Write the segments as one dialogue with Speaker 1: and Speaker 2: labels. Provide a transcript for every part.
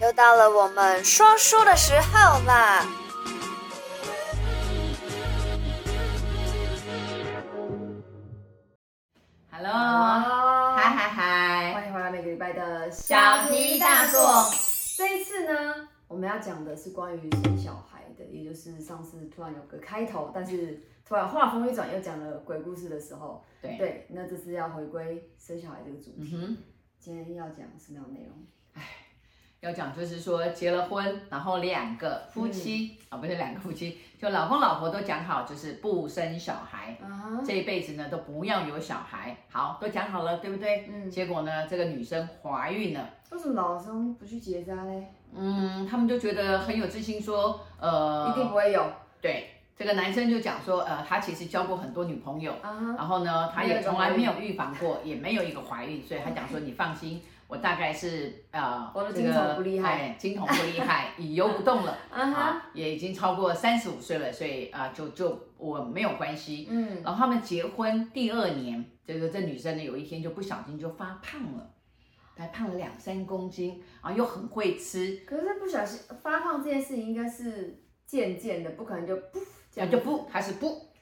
Speaker 1: 又到了我們說書的時候啦！Hello，嗨嗨嗨，歡迎回來每個禮拜的小題大做。這一次呢，我們要講的是關於生小孩的，也就是上次突然有個開頭，但是突然話鋒一轉又講了鬼故事的時候。對，對，那這次要回歸生小孩這個主題。嗯，今天要講什麼樣的內容？要講就是說結了婚，然後兩個夫妻啊、嗯哦，不是兩個夫妻，就老公老婆都講好，就是不生小孩，啊、這一輩子呢都不要有小孩，好，都講好了，對不對？嗯。結果呢，這個女生懷孕了。為什麼男生不去結紮嘞？嗯，他們就覺得很有自信，說呃，一定不會有。對，這個男生就講說，呃，他其實交過很多女朋友，啊、然後呢，他也從來沒有預防過，也沒有一個懷孕，所以他講說，你放心。我大概是啊，那、呃，這個精蟲不厲害，哎、精蟲不厲害，已游 不動了、uh -huh. 啊，也已經超過三十五歲了，所以啊，就就我沒有關係。嗯，然後他們結婚第二年，這個這女生呢，有一天就不小心就發胖了，才胖了兩三公斤，然、啊、後又很會吃。可是不小心發胖這件事情應該是漸漸的，不可能就噗，這樣就不，還是不。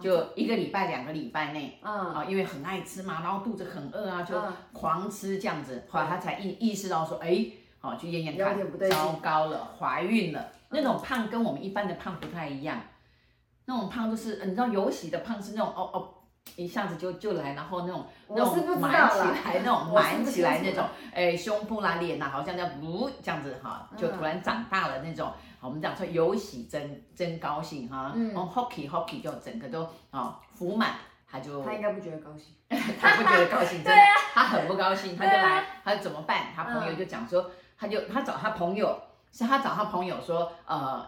Speaker 1: 就一個禮拜、兩個禮拜內，嗯，啊，因為很愛吃嘛，然後肚子很餓啊，就狂吃這樣子。嗯、後來她才意意識到說，哎，好、啊，去驗驗看，糟糕了，懷孕了。那種胖跟我們一般的胖不太一樣，那種胖就是，你知道，有喜的胖是那種哦哦。哦一下子就就來，然後那種那種滿起來，那種滿起來那種，哎，胸部啦，臉吶、啊，好像叫嗚這樣子哈、啊，就突然長大了那種。嗯、我們講說有喜真真高興哈、啊，嗯,嗯，Hockey Hockey 就整個都啊福滿，他就他應該不覺得高興， 他不覺得高興，真的， 啊、他很不高興， 啊、他就來，他怎麼辦？他朋友就講說，嗯、他就他找他朋友，是他找他朋友說，呃，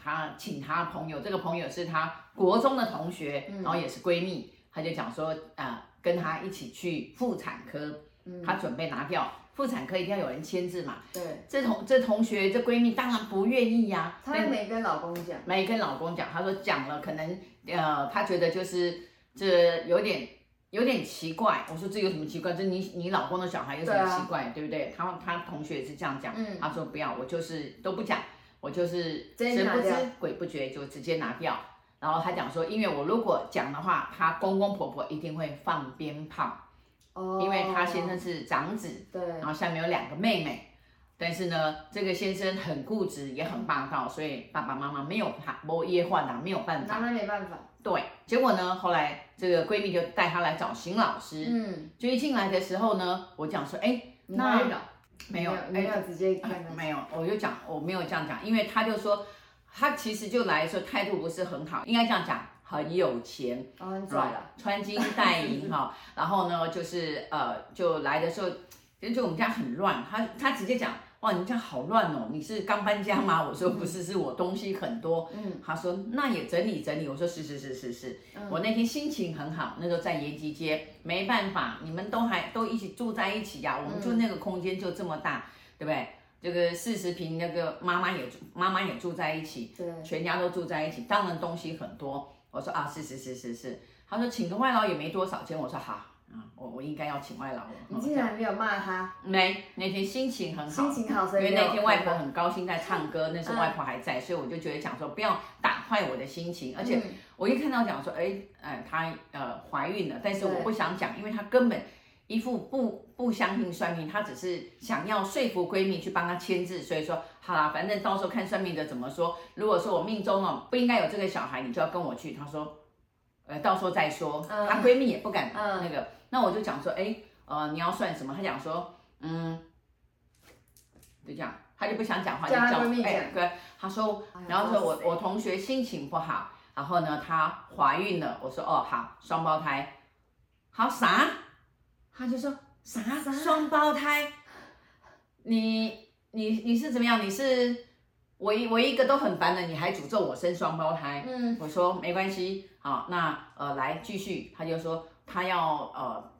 Speaker 1: 他請他朋友，這個朋友是他國中的同學，嗯、然後也是閨蜜。他就講說，呃，跟他一起去婦產科，嗯，他準備拿掉。婦產科一定要有人簽字嘛？對、嗯。這同這同學這閨蜜當然不願意呀、啊。她也沒跟老公講。沒跟老公講，她說講了，可能呃，她覺得就是這有點有點奇怪。我說這有什麼奇怪？這你你老公的小孩有什麼奇怪？對、啊、對不對？她她同學也是這樣講。嗯。她說不要，我就是都不講，我就是神不知鬼不覺就直接拿掉。然後他講說，因為我如果講的話，他公公婆婆一定會放鞭炮，哦，因為他先生是長子，對，然後下面有兩個妹妹，但是呢，這個先生很固執，也很霸道，嗯、所以爸爸媽媽沒有他，無依、啊、沒有辦法，拿他沒辦法。對，結果呢，後來這個閨蜜就帶他來找邢老師。嗯，就一進來的時候呢，我講說，哎，那、嗯、沒有，沒有，沒有、哎、直接、啊、沒有，我就講我沒有這樣講，因為他就說。他其實就來的時候態度不是很好，應該這樣講，很有錢 r、oh, I、right, 穿金戴銀哈。 然後呢，就是呃，就來的時候，就我們家很亂，他他直接講，哇，你家好亂哦，你是剛搬家嗎？嗯、我說、嗯、不是，是我東西很多。嗯，他說那也整理整理。我說是是是是是、嗯，我那天心情很好，那時候在延吉街，沒辦法，你們都還都一起住在一起呀、啊，我們就那個空間就這麼大，嗯、對不對？這個四十平，那個媽媽也住，媽媽也住在一起，對，全家都住在一起，當然東西很多。我說啊，是是是是是。他說請個外勞也沒多少錢。我說好啊，我我應該要請外勞了。嗯、你竟然沒有罵他？沒，那天心情很好，心情好，因為那天外婆很高興在唱歌，嗯、那時候外婆還在，所以我就覺得講說不要打壞我的心情。嗯、而且我一看到講說，哎、呃、她呃懷孕了，但是我不想講，因為她根本。一副不不相信算命，她只是想要說服閨蜜去幫她簽字，所以說好啦，反正到時候看算命的怎麼說。如果說我命中哦不應該有這個小孩，你就要跟我去。她說，呃，到時候再說。嗯、她閨蜜也不敢、嗯、那個，那我就講說，哎、欸，呃，你要算什麼？她講說，嗯，就這樣，她就不想講話，就叫閨蜜對，她說，然後說我我同學心情不好，然後呢她懷孕了，我說哦好，雙胞胎，好啥？他就說，啥傻，雙胞胎，你你你是怎麼樣？你是我一我一個都很煩的，你還詛咒我生雙胞胎？嗯，我說沒關係，好，那呃來繼續。他就說他要呃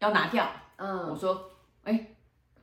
Speaker 1: 要拿掉，嗯，我說哎，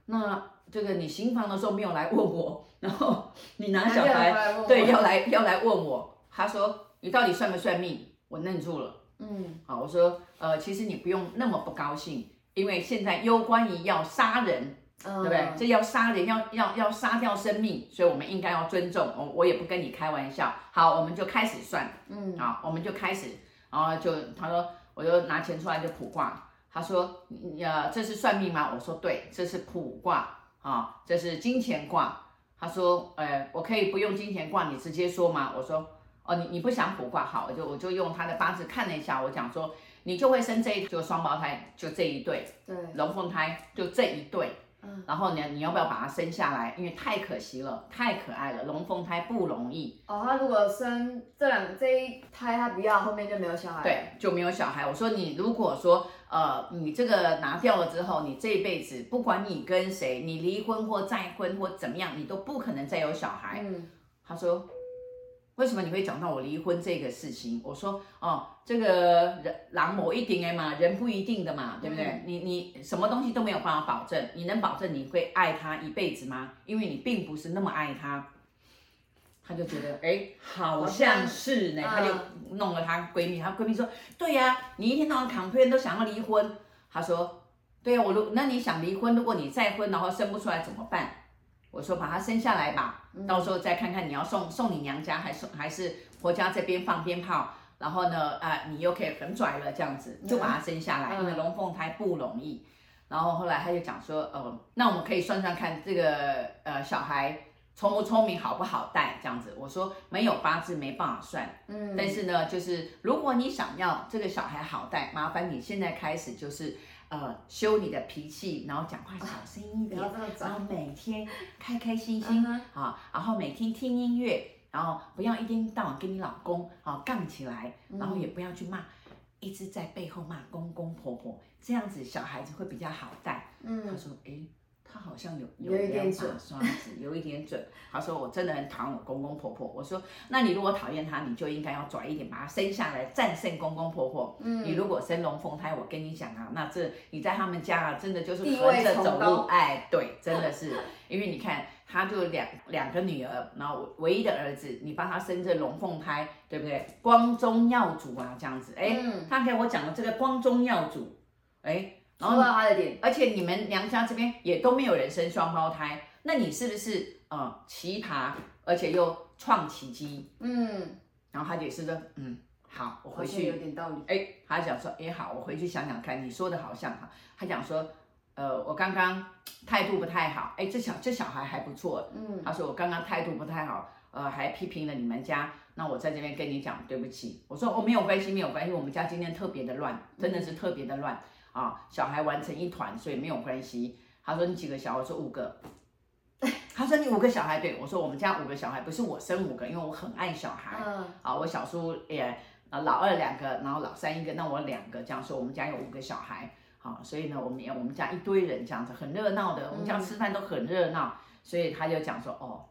Speaker 1: 那這個你行房的時候沒有來問我，然後你拿小孩對要來要來問我，他說你到底算不算命？我愣住了，嗯，好，我說呃其實你不用那麼不高興。因為現在攸關於要殺人，嗯、對不對？這要殺人，要要要殺掉生命，所以我們應該要尊重。我我也不跟你開玩笑。好，我們就開始算。嗯，好，我們就開始，然後就他說，我就拿錢出來就卜卦。他說，你呃，這是算命嗎？我說對，這是卜卦啊，哦，這是金錢卦。他說，呃，我可以不用金錢卦，你直接說嗎？我說，哦，你你不想卜卦好，我就我就用他的八字看了一下，我講說。你就會生這一就雙胞胎，就這一對，對，龍鳳胎就這一對，嗯，然後你你要不要把它生下來？因為太可惜了，太可愛了，龍鳳胎不容易。哦，他如果生這兩這一胎他不要，後面就沒有小孩，對，就沒有小孩。我說，你如果說呃你這個拿掉了之後，你這一輩子不管你跟誰，你離婚或再婚或怎麼樣，你都不可能再有小孩。嗯，他說。為什麼你會講到我離婚這個事情？我說哦，這個人狼某一點哎嘛，人不一定的嘛，對不對？嗯、你你什麼東西都沒有辦法保證，你能保證你會愛他一輩子嗎？因為你並不是那麼愛他。他就覺得哎，好像是呢像。他就弄了他閨蜜，啊、他閨蜜說，對呀、啊，你一天到晚躺平都想要離婚。他說，對呀、啊，我如果那你想離婚，如果你再婚然後生不出來怎麼辦？我說，把他生下來吧。嗯嗯，到時候再看看你要送送你娘家還是還是婆家這邊放鞭炮，然後呢啊，你又可以很拽了這樣子，就把他生下來、嗯嗯，因為龍鳳胎不容易。然後後來他就講說，呃，那我們可以算算看這個呃小孩聰不聰明，好不好帶這樣子。我說沒有八字，沒辦法算，嗯，但是呢就是如果你想要這個小孩好帶，麻煩你現在開始就是。呃，修你的脾氣，然後講話小聲音一點，哦，然後每天開開心心啊，嗯哦，然後每天聽音樂，然後不要一天到晚跟你老公啊，哦、槓起來，然後也不要去罵，嗯，一直在背後罵公公婆婆，這樣子小孩子會比較好帶。他、嗯、說，哎。他好像有有一點準，有一點準。他說我真的很討厭我公公婆婆。 我說，那你如果討厭他，你就應該要拽一點，把他生下來，戰勝公公婆婆。嗯，你如果生龍鳳胎，我跟你講啊，那這你在他們家啊，真的就是橫著走路。哎，對，真的是，因為你看，他就兩兩個女兒，然後我唯一的兒子，你幫他生這龍鳳胎，對不對？光宗耀祖啊，這樣子。哎、欸嗯，他給我講了這個光宗耀祖，哎、欸。然後到他的點、嗯，而且你們娘家這邊也都沒有人生雙胞胎，那你是不是呃奇葩，而且又創奇蹟？嗯。然後他解釋說，嗯，好，我回去有點道理。哎、欸，他講說，也、欸、好，我回去想想看。你說的好像哈，他講說，呃，我剛剛態度不太好，哎、欸，這小這小孩還不錯，嗯。他說我剛剛態度不太好，呃，還批評了你們家，那我在這邊跟你講對不起。我說我、哦、沒有關係，沒有關係，我們家今天特別的亂，嗯、真的是特別的亂。啊、哦，小孩玩成一團，所以沒有關係。他說你幾個小孩？我說五個。他說你五個小孩？對，我說我們家五個小孩，不是我生五個，因為我很愛小孩。嗯、啊，我小叔也，啊老二兩個，然後老三一個，那我兩個，這樣說我們家有五個小孩。好、啊，所以呢，我們也我們家一堆人，這樣子很熱鬧的，我們家吃飯都很熱鬧、嗯。所以他就講說，哦，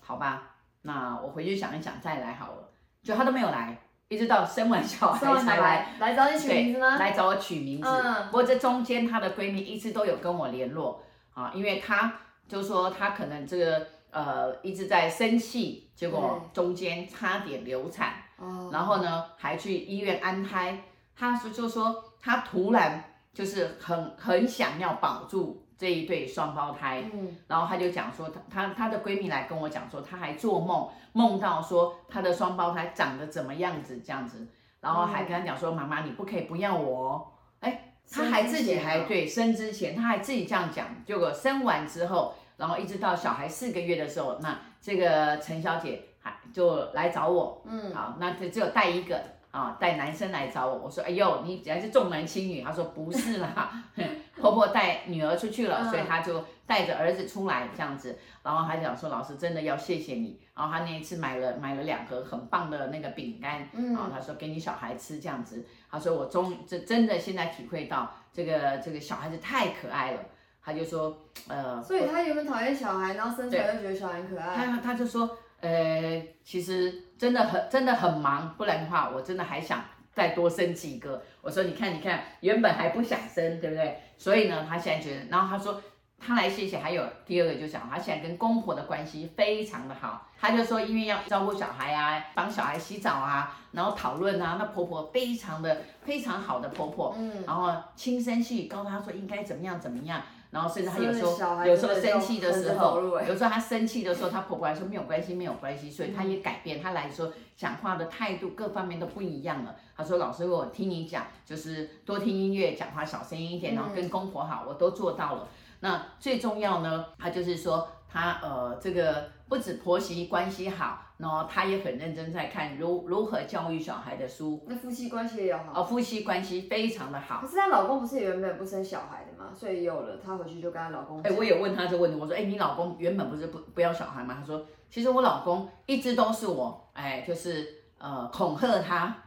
Speaker 1: 好吧，那我回去想一想再來好了。就他都沒有來。一直到生完小孩才來孩來找你取名字嗎？來找我取名字。嗯、不過這中間她的閨蜜一直都有跟我聯絡啊，因為她就說她可能這個呃一直在生氣，結果中間差點流產，嗯、然後呢，還去醫院安胎。她說就說她突然就是很很想要保住，這一對雙胞胎，嗯，然後她就講說，她她她的閨蜜來跟我講說，她還做夢夢到說她的雙胞胎長得怎麼樣子這樣子，然後還跟她講說，嗯、媽媽你不可以不要我。哎，她還自己還對生之前她還自己這樣講，結果生完之後，然後一直到小孩四個月的時候，那這個陳小姐還就來找我。嗯，好，那她只有帶一個啊，帶男生來找我，我說，哎呦，你還是重男輕女？她說不是啦。 婆婆帶女兒出去了，所以她就帶着兒子出來這樣子。嗯、然後她就想說：“老師，真的要謝謝你。”然後她那一次買了買了兩盒很棒的那個餅乾，嗯、然後她說：“給你小孩吃這樣子。”她說：“我終這真的現在體會到，這個這個小孩子太可愛了。”她就說：“呃，所以她原本討厭小孩，然後生出來就覺得小孩可愛。”她她就說：“呃，其實真的很真的很忙，不然的話，我真的還想。”再多生幾個，我說你看你看，原本還不想生，對不對？所以呢，他現在覺得，然後他說他來謝謝，還有第二個就講，他現在跟公婆的關係非常的好，他就說，因為要照顧小孩啊，幫小孩洗澡啊，然後討論啊，那婆婆非常的非常好的婆婆，嗯，然後輕聲細語告訴他，說應該怎麼樣怎麼樣。然後甚至他有時候有時候生氣的時候，有時候他生氣的時候，他婆婆還說沒有關係沒有關係，所以他也改變，他來說講話的態度各方面都不一樣了。他說老師，我聽你講，就是多聽音樂，講話小聲音一點，然後跟公婆好，我都做到了。那最重要呢，他就是說他呃這個不止婆媳關係好。然後她也很認真在看如如何教育小孩的書。那夫妻關係也好，哦，夫妻關係非常的好。可是她老公不是也原本不生小孩的嘛？所以有了她回去就跟她老公說。哎、欸，我有問她這個問題，我說、欸：你老公原本不是不不要小孩嗎？她說：其實我老公一直都是我，哎、就是呃恐嚇他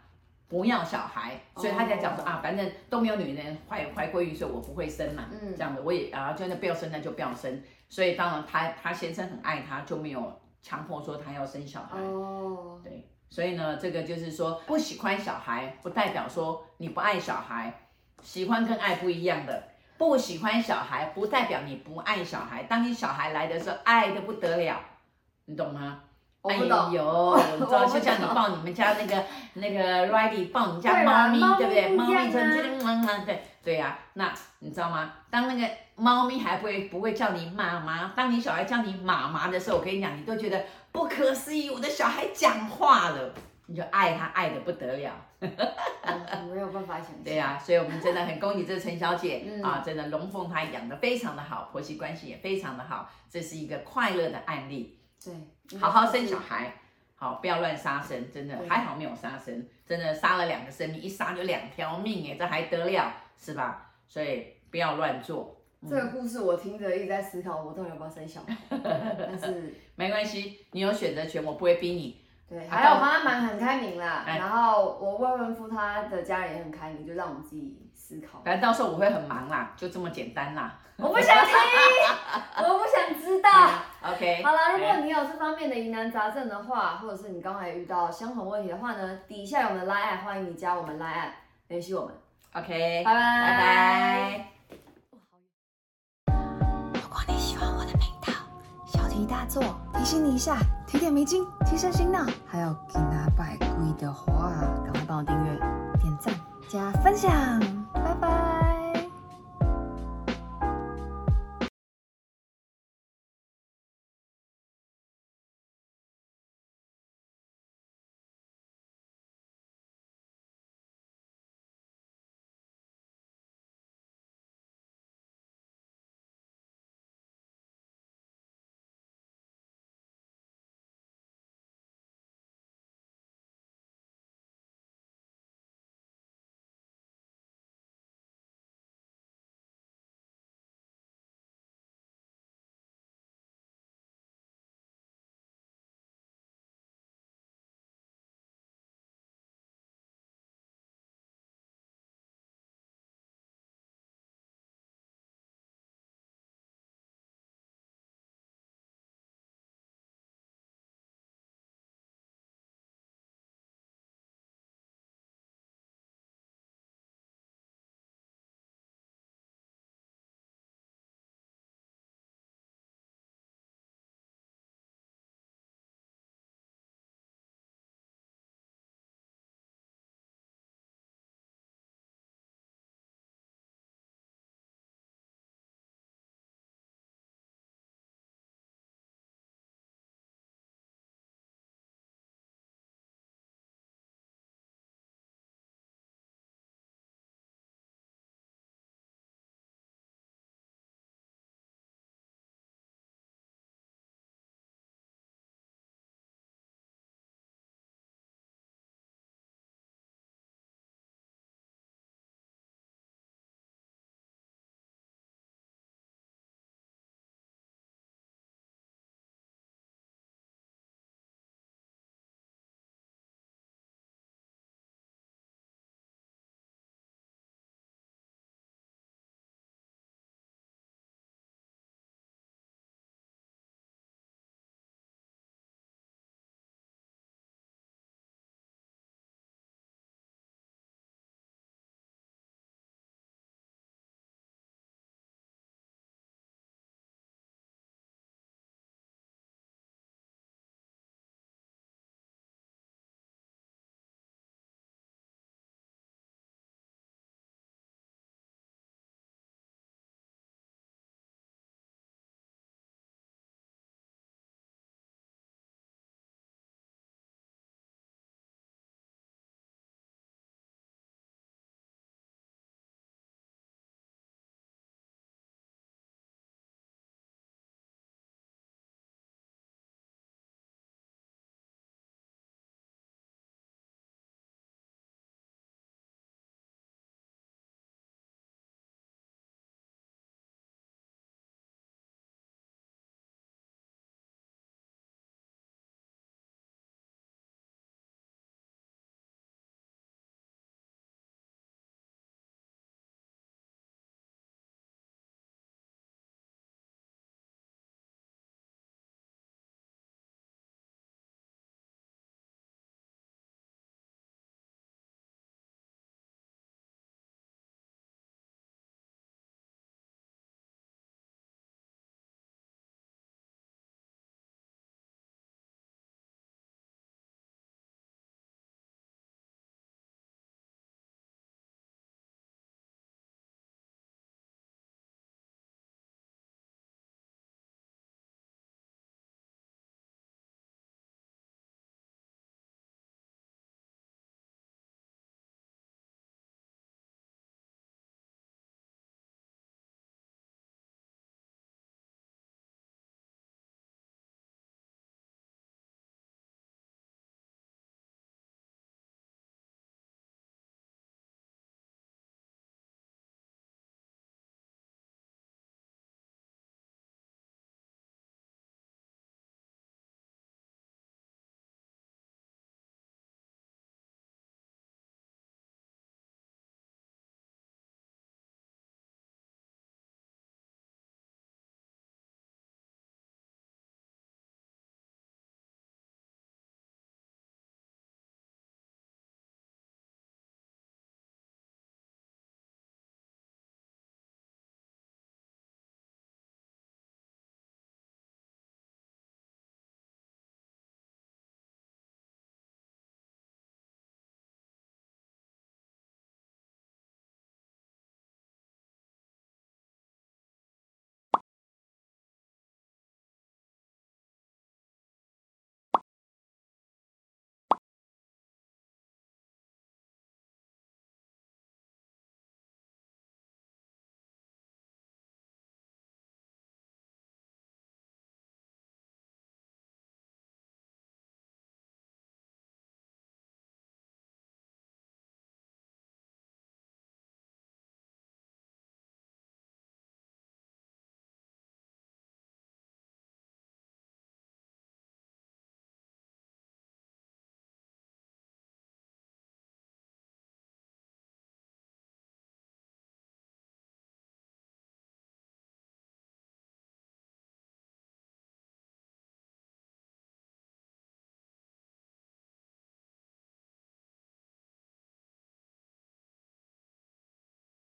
Speaker 1: 不要小孩，所以他才講說、oh. 啊，反正都沒有女人懷懷過孕，所以我不會生嘛，嗯，這樣的我也啊，真的不要生那就不要生，所以當然她她先生很愛她就沒有。強迫說他要生小孩，oh. 對，所以呢，這個就是說不喜歡小孩，不代表說你不愛小孩，喜歡跟愛不一樣的。不喜歡小孩，不代表你不愛小孩。當你小孩來的時候，愛得不得了，你懂嗎？哎呦懂。我知道，就像你抱你們家那個 那個 Riley 抱你們家貓咪，對不對？貓咪就、啊、對對呀、啊。那你知道嗎？當那個貓咪還不會不會叫你媽媽，當你小孩叫你媽媽的時候，我跟你講，你都覺得不可思議，我的小孩講話了，你就愛他愛得不得了、 嗯。沒有辦法想象。對呀、啊，所以我們真的很恭喜這陳小姐、嗯、啊，真的龍鳳胎養的非常的好，婆媳關係也非常的好，這是一個快樂的案例。對，好好生小孩，好不要亂殺生，真的還好沒有殺生，真的殺了兩個生命，一殺就兩條命，哎，這還得了是吧？所以不要亂做。嗯、這個故事我聽着一直在思考，我到底要不要生小孩？ 但是沒關係，你有選擇權，我不會逼你。對，啊、還有我媽，媽媽很開明啦，哎、然後我未婚夫他的家人也很開明，就讓我們自己思考。反正到時候我會很忙啦，就這麼簡單啦。我不想聽， 我不想知道。嗯、OK，好了，如果你有這方面的疑難雜症的話，哎、或者是你剛才遇到相同問題的話呢，底下有我們的 Line，歡迎你加我們 Line 聯繫我們。OK，拜拜拜拜。拜拜一大作提醒你一下，提點迷津，提神醒腦。還有給它擺貴的話，趕快幫我訂閱、點贊、加分享，拜拜。拜拜。